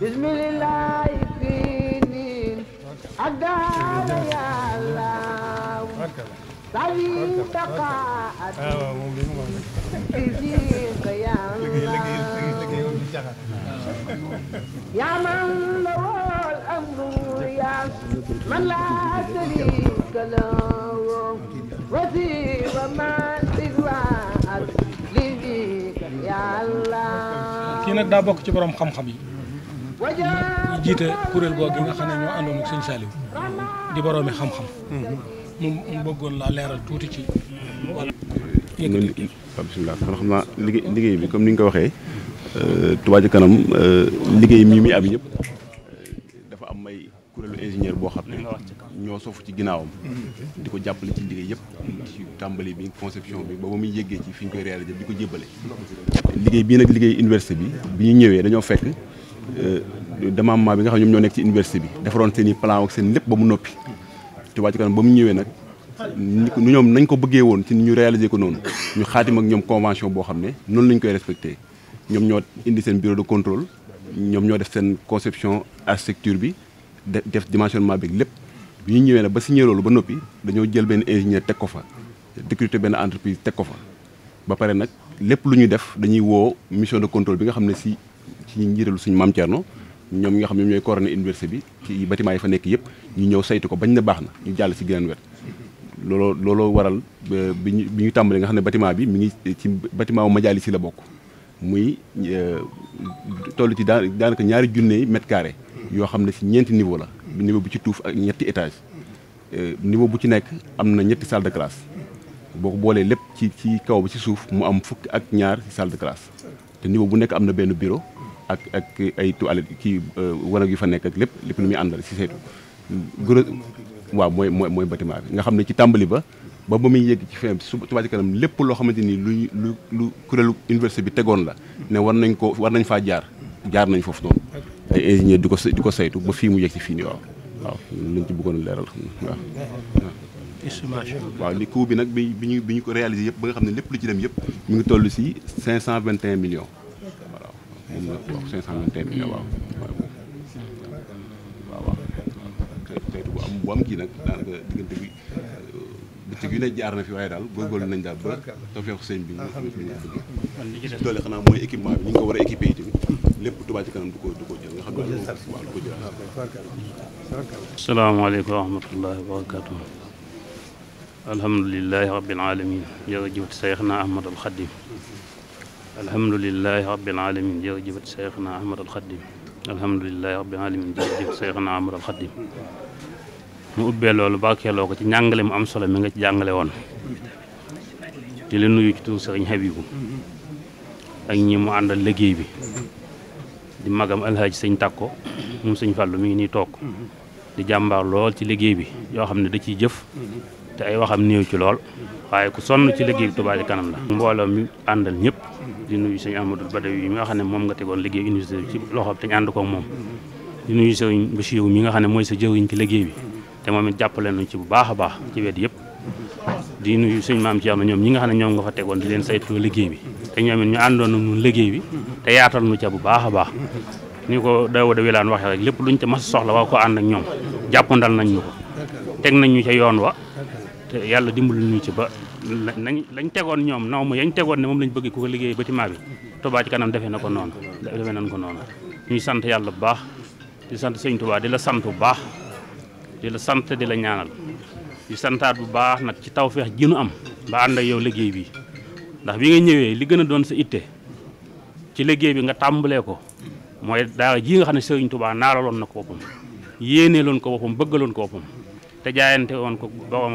bismillahi dinin addaara yàllaaw sawi taqaat bisika yàllaaw yaa man lawol amru yaas man laa sharika lahu wasiba man sidwaat bisika yàllaaw kii nag daa bokk ci borom xam-xam yi ñu jiite kuréel googu nga xam ne ñoo àndoon ak sëñ Saliou di boroomi xam-xam. mu mu bëggoon laa leeral tuuti ci. wala yëkkati bisimilah kon xam naa liggéey bi comme ni nga ko waxee. Euh, Touba Ca Kanam euh, liggéey mii muy am yëpp euh, dafa am ay kuréelu ingénieur boo xam ne ñoo sofu ci ginnaawam. di ko jàppale ci liggéey yëpp. ci tàmbali bi conception bi ba ba muy yéggee ci fi ñu koy réalisé di ko jébbale. liggéey bii nag liggéey université bi bi ñu ñëwee dañoo fekk. Euh, démembrement bi nga xam ñoom ñoo nekk ci université bi defaroon seen i plan ak seen lépp ba mu noppi Touba Ca Kanam ba mu ñëwee nag ñu ñoom nañ ko bëggee woon ci ñu réaliser ko noonu ñu xaatim ak ñoom convention boo xam ne noonu lañ koy respecté ñoom ñoo indi seen biro de contrôle ñoom ñoo def seen conception architecture bi def dimensionnement bi lépp bi ñu ñëwee nag ba signé loolu ba noppi dañoo jël benn ingénieur teg ko fa recruter benn entreprise teg ko fa ba pare nag lépp lu ñuy def dañuy woo mission de contrôle bi nga xam ne si ci njiitalu suñu maam Thierno ñoom ñi xam ne ñooy coordonné université bi ci bâtiment yi fa nekk yëpp ñu ñëw saytu ko bañ na baax na ñu jàll si geneen wet looloo looloo waral bi ñu bi ñu tàmbalee nga xam ne bâtiment bi mi ngi ci bâtiment majalis si la bokk muy euh, toll ci daa daanaka ñaari junne mètre carré yoo xam ne si ñeenti niveau la niveau bu ci tuuf ak ñetti étage euh, niveau bu ci nekk am na ñetti salle de classe boo ko boolee lépp ci ci kaw bi ci suuf mu am fukki ak ñaar ci salle de classe te niveau bu nekk am na benn bureau ak ak ay toilettes kii euh, wanag gi fa nekk ak lépp lépp lu muy àndal si saytu gros waaw mooy mooy mooy bâtiment bi nga xam ne ci tàmbali ba ba ba yegg ci fin su Touba Kanam lépp loo xamante ni luy lu lu kuréelu université bi tegoon la ne war nañ ko war nañ faa jaar jaar nañ foofu noonu ay ingénieur du ko di ko saytu ba fii mu yegg ci fii nii waaw waaw lañ ci bëggoon leeral waaw waaw li coût bi nag bi bi ñu ñu ko réalisé yëpp ba nga xam ne lépp lu ci dem yëpp mu ngi toll si cinq cent vingt et moom la wax 521 millions waaw waaw waaw xeetu bu am bu am kii nag daanaka diggante bi bëccëg yu ne jaar na fi waaye daal góorgóorlu nañ daal ba tawfeexu sëñ bi ñu doole xanaa mooy équipement bi ñu ngi ko war a équipé yi tamit lépp Touba ci kanam du ko du ko jël nga xam ne waaw du ko jël asalaamaaleykum wa rahmatullahi wa barakatuh alhamdulilahi rabbil alamin jërëjëf Seyxna Ahmadul Xadim alhamdulilahi rabbil alamin jërëjëf Seexna Ahmad al Xadim alhamdulilahi rabbil alamin jërëjëf Seexna Ahmad al mu ubbee loolu bàkkeeloo ko ci njàngale mu am solo mi nga ci jàngale woon di la nuyu ci tur sëriñ Habibu ak ñi mu àndal liggéey bi di magam alhaaji sëñ Takko moom sëñ Fàllu mi ngi nii toog di jàmbaar lool ci liggéey bi yoo xam ne da ciy jëf te ay waxam néew ci lool waaye ku sonn ci liggéey bi Touba Kanam la mbooloo mi àndal ñëpp di nuyu sëñ Amadou Badawi yi mi nga xam ne moom nga tegoon liggéey bi te moom mooy sa jëwriñ ci liggéey bi te moom it jàppale nañu ci bu baax a baax ci wet yëpp di na ñoom ñi nga xam ne ñoom nga fa tegoon di leen saytu liggéey bi te ñoom it ñu àndoon na ñun liggéey bi te yaatal nu ca bu baax a baax ni ko dawo da wilaan waxee rek lépp luñ te ma soxla waa ko ànd ak ñoom jàppandal nañ ñu ko teg nañ ñu ca yoon wa te yàlla dimbali ñu ci ba nañ lañ tegoon ñoom non mu yañ tegoon ne moom lañ bëgg ku ko liggéey bâtiment bi Touba ci kanam defee na ko noonu defee nañ ko noonu ñuy sant yàlla bu baax di sant sëñ Touba di la sant bu baax di la sant di la ñaanal di santaat bu baax nag ci tawfeex ji nu am ba ànd ak yow liggéey bi ndax bi nga ñëwee li gën a doon sa itte ci liggéey bi nga tàmbalee ko mooy daara ji nga xam ne sëriñ tubaa naaraloon na ko boppam yéeneeloon ko boppam bëggaloon ko boppam te jaayante woon ko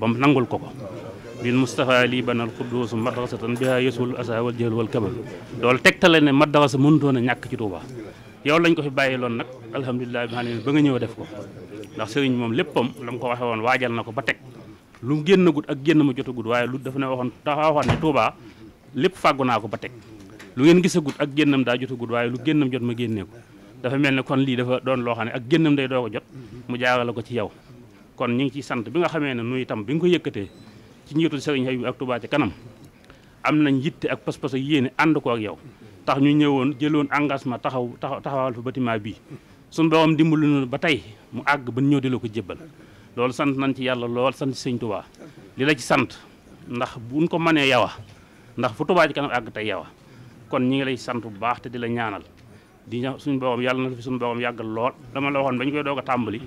ba mu nangul ko ko lil Moustapha lii banal xudduusu madrasatan biha yasul asa wal jël wal kamal loolu tegtale ne madrasa mënutoon a ñàkk ci Touba yow lañ ko fi bàyyi loon nag alhamdulilah bi xam ne ba nga ñëw def ko ndax sëriñ moom léppam la mu ko waxee waajal na ko ba teg lu mu génn gut ak génn ma jotagut waaye lu dafa ne waxoon dafa jot ma génnee ko dafa mel ne kon lii dafa doon loo xam ne ak génnam day doo ko jot mu jaarale ko ci yow kon ñu ngi sant bi nga xamee ci njiitu Serigne bi ak tubaa ci kanam am nañ yitte ak pas-pas ak yéene ànd ko ak yow tax ñu ñëwoon jëloon engagement taxaw taxawal fa bâtiment bii suñu borom dimbalu na ba tey mu àgg ba ñëw di la ko jébbal loolu sant nañ ci yàlla lool sant ci sëñ Touba ci sant ndax buñ ko mënee yawa ndax fu tubaa ci kanam àgg tey yawa kon ñi ngi lay sant bu baax te di la ñaanal di ña suñu borom yàlla na fi suñu borom yàggal lool dama la waxoon ba ñu koy doog a tàmbali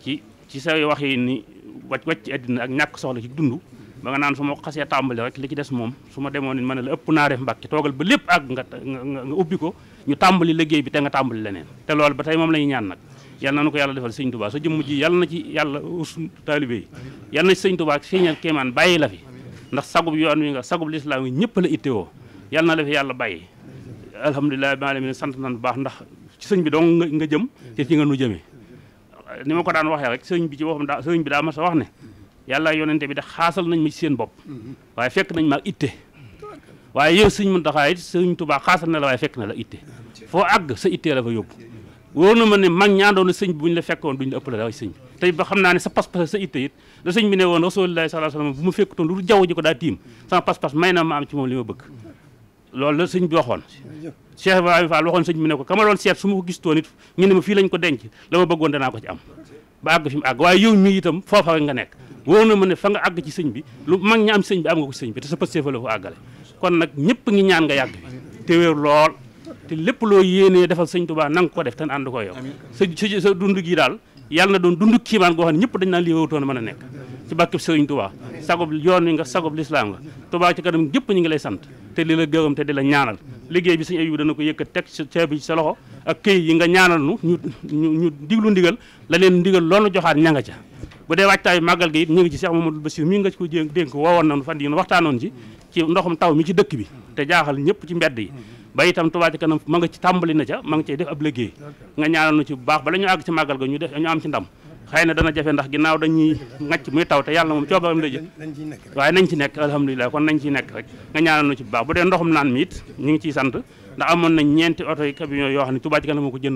ci ci say wax ni wàcc wàcc ci àddina ak ñàkk soxla ci dund ba nga naan su ma xasee tàmbali rek li ci des moom su ma demoo ma ne la ëpp naa def mbàkki toogal ba lépp ak nga nga ubbi ko ñu tàmbali liggéey bi te nga tàmbali leneen te loolu ba tey moom la ñuy ñaan nag yàlla na ko yàlla defal sëñ Tuubaa sa jëmm ji yàlla na ci yàlla us taalibe yi yàlla na ci sëñ Tuubaa feeñal kéemaan bàyyi la fi ndax sagub yoon wi nga sagub lislaam yi ñëpp la ittewoo yal na la fi yàlla bàyyi alhamdulilah bi alamin sant na bu baax ndax sëñ bi dong nga jëm te ci nga nu jëmee ma ko daan waxee rek sëñ bi ci waxam daa sëñ bi daa mas a wax ne yàlla yonente bi de xaasal nañ ma ci seen bopp mhm. waaye fekk nañ ma itte waaye yow sëñ Muntaxa it sëñ Tuubaa xaasal na la waaye fekk na la itte foo àgg sa ittee la fa yóbbu ma ne mag ñaandoon na sëñ la fekkoon duñ la ëppale la waaye sëñ bi tey ba xam naa ne ne woon Rasulullaahi sallallaahu alayhi wa sallam bu ma fekkutoon lu dul jaww ji ko daa tiim sama pas na ma am ci moom li ma bëgg loolu la sëñ bi waxoon Cheikh Ibrahima Fall waxoon sëñ bi ne ko kama seet su ma ko gis toon it ñu ne ma fii lañ ko denc la ma bëggoon danaa ko ci am ba àgg fi àgg waaye yow mii itam foofa nga nekk wóor na ma ne fa nga àgg ci sëñ bi lu mag ñi am sëñ bi am nga ko sëñ bi te sa pëstee fa la ko àggale kon nag ñëpp ngi ñaan nga yàgg te wér lool te lépp loo yéenee defal sëñ Tuubaa na nga ko def te ànd ko yow sa sa dund gi daal yàlla na doon dund kiimaan goo xam ne ñëpp dañ naan lii wawutoon mën a nekk ci bàkkib sëriñ Tuubaa sagob yoon wi nga sagob lislaam nga Tuubaa ci kanam gépp ñu ngi lay sant te di la gërëm te di la ñaanal liggéey bi sëñ Ayib dana ko yëkkat teg ceeb bi ci sa loxo ak këy yi nga ñaanal nu ñu ñu diglu ndigal la leen ndigal loolu joxaat ña nga ca bu dee waajtaayu màggal gi it ñu ngi ci Cheikh Mamadou Bassir mi nga ci ko dénk woowoon nañu fan yi waxtaanoon ci ci ndoxum taw mi ci dëkk bi te jaaxal ñëpp ci mbedd yi ba itam Touba Ca Kanam ma nga ci tàmbali na ca ma nga cay def ab liggéey nga ñaanal nu ci bu baax bala ñu àgg ci màggal ga ñu def ñu am ci ndam xëy na dana jafe ndax ginnaaw dañuy ngacc muy taw te yàlla moom coobaram la jël waaye nañ ci nekk alhamdulilah kon nañ ci nekk rek nga ñaanal nu ci bu baax bu ñu ngi ciy sant ndax amoon nañ ñeenti oto yi camion yoo xam ne Touba ci kanam bi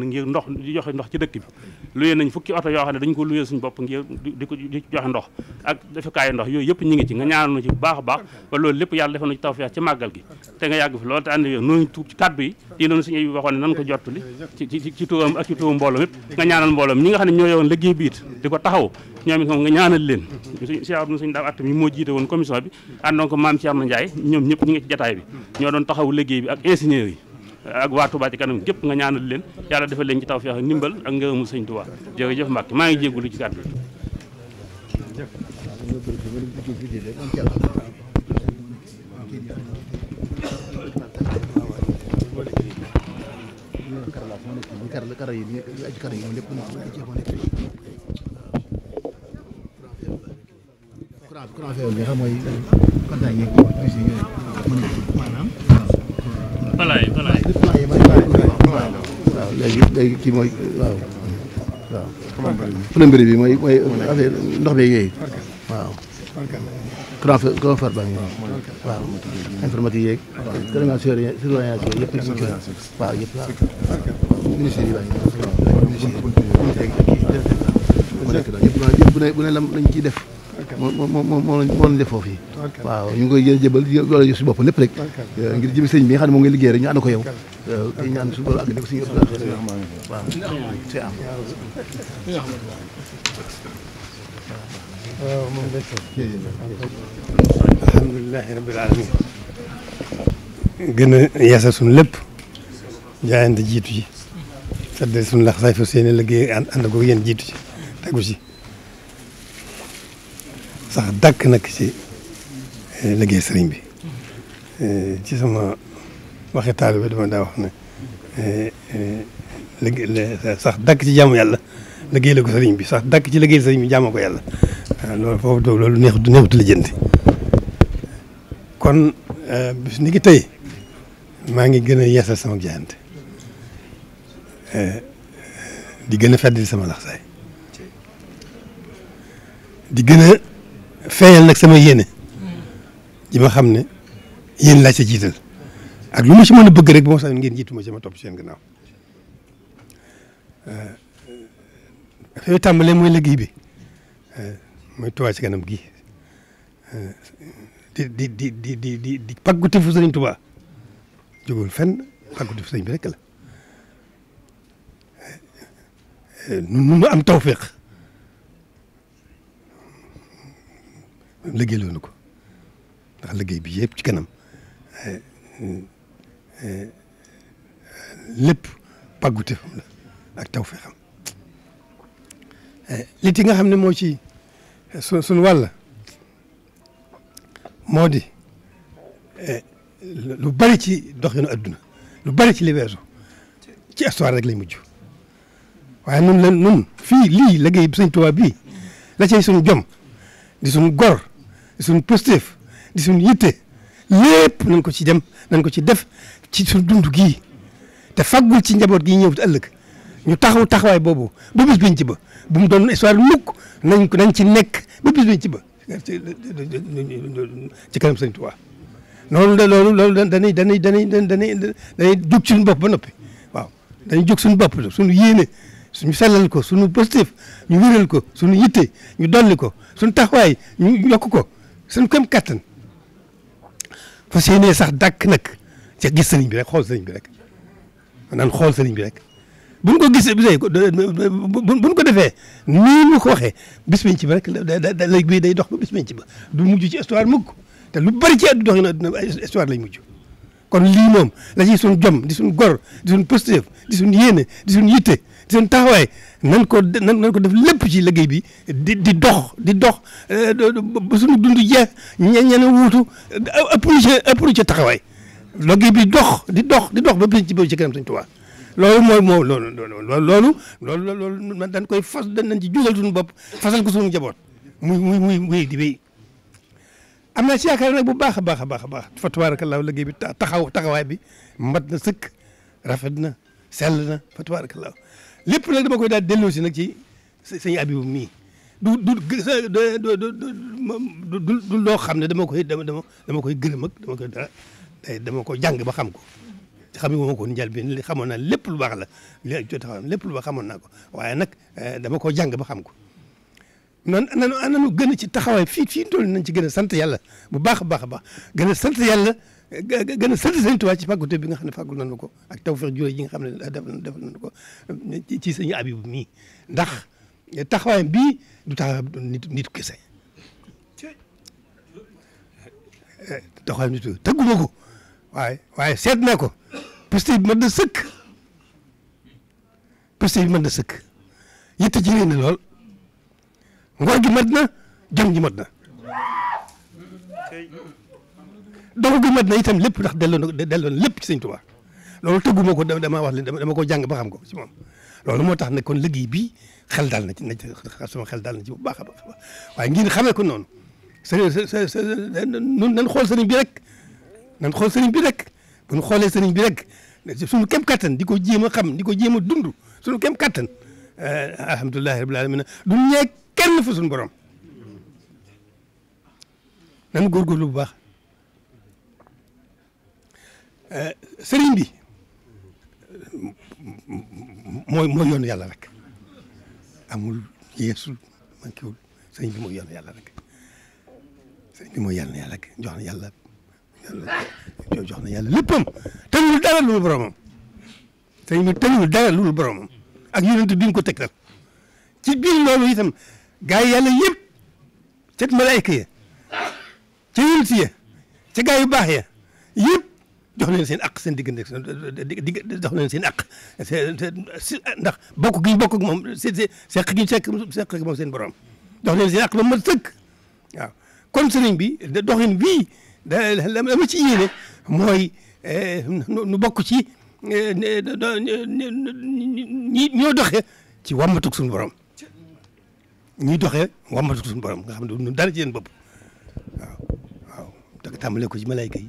luyee ko luyee yëpp ñu ngi ci nga a baax ba loolu lépp yàlla defal na ci tawfeex ci màggal gi te nga yàgg fi loolu te ànd ñi nga woon commission bi àndoon ko maam Thierno Ndiaye ñoom ñëpp ñi ngi ci jataay bi ñoo doon taxaw liggéey bi ak ingénieur yi ak waa Touba ci kanam gépp nga ñaanal leen yàlla defal leen ci tawfeex ak ndimbal ak ngërëmu sëñ Touba jërëjëf Mbacke maa ngi jégalu ci kàddu courant bi léegi kii mooy waaw waaw. plomberie bi mooy mooy affaire ndox mi yooyu waaw. transfert transfert baa ngi waaw informatique yeeg. surveillance yooyu yëpp yëpp waaw yëpp waaw. ministère yi baa ngi ministère yi. bu nekk daal yëpp bu ne bu ne lam lañ ciy def. moo moo moo moo moo def foofu yi waaw ñu ngi koy jël jëbal wala yo si bopp lépp rek euh, ngir jëm sëñ bi nga xam ne moom ngay liggéey rek ñu ànd ko yow euh, ñu ñaan su boolu àgg ne ko suñu waaw si am waaw moom de alhamdulilahi rabbil alamin gën a yeesal suñu lépp jaayante jiitu ji sadde suñu lax saay fa seeni liggéey ànd ko yéen jiitu ji tegu ci sax dakk nag ci eh, liggéey sëriñ bi eh, ci sama waxi taalibe dama daa wax ne eh, sax dàkk ci jaamu yàlla liggéey la ko sëriñ bi sax dàkk ci liggéey sëriñ bi jaamu ko yàlla waaw ah, loolu foofu doo loolu neex du neex du lijjanti kon bis ni tey maa ngi gën a yeesal sama jaayante di gën a fedd sama laxsaay di gën feeñal nag sama yéene ji xam ne yéen laa ca jiital ak lu ma ci mën a bëgg rek ba ma sax ngeen jiitu ma ci ma topp seen gannaaw euh, fi ñu tàmbalee mooy liggéey bi euh, mooy Touba ci kanam gi euh, di di di di di di di pàggatu fu sëriñ Touba jógul fenn pàggatu fu sëriñ am tawféex liggéey loonu ko ndax liggéey bi yëpp ci kanam eh, eh, eh, lépp pàggute fam la ak taw fee li ti nga xam ne moo ci su suñu moo di lu bari ci doxinu adduna lu bari ci li weesu ci histoire rek lay mujj waaye nun la nun fii lii liggéey bi Sëñ Tuubaa bii la cay suñu jom di suñu gor di suñu positif di suñu yitte lépp nañ ko ci dem nañ ko ci def ci suñu dund gii te faggul ci njaboot gi ñëw ëllëg ñu taxaw taxawaay boobu ba bis biñ ci ba bu mu doon histoire mukk nañ ko nañ ci nekk ba bis biñ ci ba ci kanam sëñ Tuubaa noonu la loolu loolu dañuy dañuy dañuy dañuy dañuy jóg suñu bopp ba noppi waaw dañuy jóg suñu bopp suñu yéene suñu sellal ko suñu positif ñu wéral ko suñu yitte ñu dolli ko suñu taxawaay ñu yokk ko suñ këm kattan fas yéenee sax dàkk nag ca gis sëriñ bi rek xool sëriñ bi rek naan xool sëriñ bi rek buñ ko gisee bu buñ ko defee nii ñu ko waxee bis bañ ci ba rek da lay day dox ba bis bañ ci ba du mujj ci histoire mukk te lu bari ci àddu dox na histoire lay mujj kon lii moom la ci suñ jom di suñ gor di suñ positif di suñ yéene di suñ yitte di suñ taxawaay nan ko def lépp ci liggéey bi di di dox di dox ba suñu dund jeex ñe wuutu ëpp lu ci taxawaay liggéey bi dox di dox di dox ba bis ci boobu ci kanam suñ tubaab loolu mooy moo loolu loolu loolu loolu man dañ koy fas dañ nañ ci jugal suñu bopp fasal ko suñu njaboot muy muy muy di wéy am naa ci nag bu baax a baax a baax a baax fa tabaarakallaahu liggéey bi taxaw taxawaay bi mat na sëkk rafet na sell na fa tabaarakallaahu lépp nag dama koy daal delloo si nag ci sëñ Abibu mii du du du loo xam ne dama koy dama dama koy gërëm ak dama koy dara dama ko jàng ba xam ko xam nga ma ko njal bi xamoon naa lépp lu baax la li jot a xam lépp lu baax xamoon naa ko waaye nag eh, dama ko jàng ba xam ko noonu nanu nanu gën a ci taxawaay fii fii toll nañ ci gën a sant yàlla bu baax a baax a baax gën a sant yàlla gën a sant Sëñ Tuubaa ci fàggute bi nga xam ne fàggul nañu ko ak tawfeex jure yi nga xam ne defal defal nañu ko euh, ci sëñ Abibu mi ndax taxawaayam bii du taxawaay nit nit kese taxawaayam ko waaye waaye seet na ko piste bi mën na sëkk piste bi mën na sëkk yitte ci réew na lool ngor gi mat na jom gi mat na dogu gi mat na itam lépp ndax delloo na delloo na lépp ci sëñ loolu tëgguma ko dama wax li dama ko jàng ba xam ko ci moom moo tax ne kon liggéey bii xel daal na ci na sama xel daal na bu baax a baax waaye ngeen xamee ko noonu sëriñ nun nan xool se bi rek nan xool sëriñ bi rek bu ñu xoolee sëriñ bi rek suñu kem kattan di ko jéem a xam di ko jéem a dund suñu kem kattan eh, alhamdulilahi rabbil alamin du kenn fu suñu borom nan góorgóorlu bu baax eh, sëriñ bi mooy mooy yoonu yàlla rek amul yeesul mankiwul sëriñ bi mooy yoonu yàlla rek sëriñ bi mooy yàlla na yàlla rek jox na yàlla jox na yàlla léppam tënul dara lul boromam sëriñ bi tënul dara boromam ak yonent bi ñu ko tegtal ci biir loolu itam gaa yi yàlla yëpp ca malaayka ya ca yonent ya ca gaa yu baax ya yëpp jox leen seen aq seen diggante jox leen seen aq ndax bokk gi bokk ak moom se seq gi seq seq ak moom seen borom jox leen seen aq ba mu mën sëkk waaw kon sëriñ bi doxin bii da la ma ci yéene mooy nu bokk ci ñi ñoo doxe ci wàmmatug suñu borom ñuy doxee wàmmatu suñu borom nga xam ne ñun dara ci yéen bopp waaw waaw da tàmbale ko ci malayka ci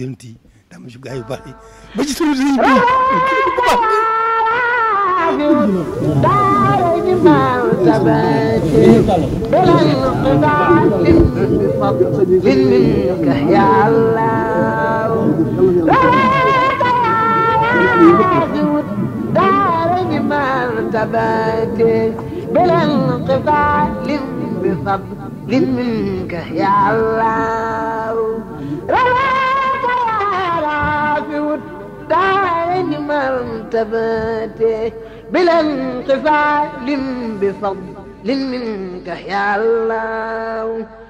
yonent yi ba ci sunu sëriñ bi bu tabaate بلا انقطاع بفضل منك يا الله رواك يا رافع الدارين مرتبته بلا انقطاع بفضل منك يا الله